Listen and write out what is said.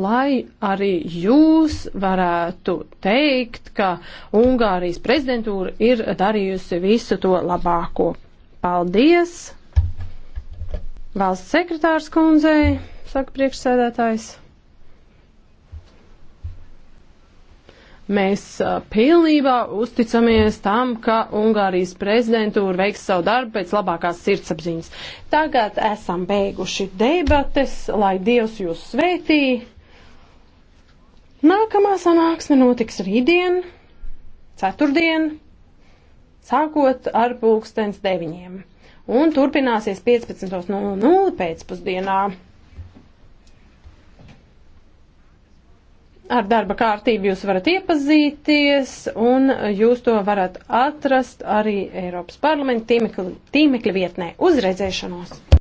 lai arī jūs varētu teikt, ka Ungārijas prezidentūra ir darījusi visu to labāko. Paldies! Valsts sekretārs kundzei, saka priekšsēdētājs. Mēs pilnībā uzticamies tam, ka Ungārijas prezidentūra veiks savu darbu pēc labākās sirdsapziņas. Tagad esam beiguši debates, lai Dievs jūs svētīja. Nākamā sanāksme notiks rītdien, ceturtdien, sākot ar pulkstens deviņiem un turpināsies 15.00 pēcpusdienā. Ar darba kārtību jūs varat iepazīties, un jūs to varat atrast arī Eiropas parlamenta tīmekļa vietnē. Uzredzēšanos!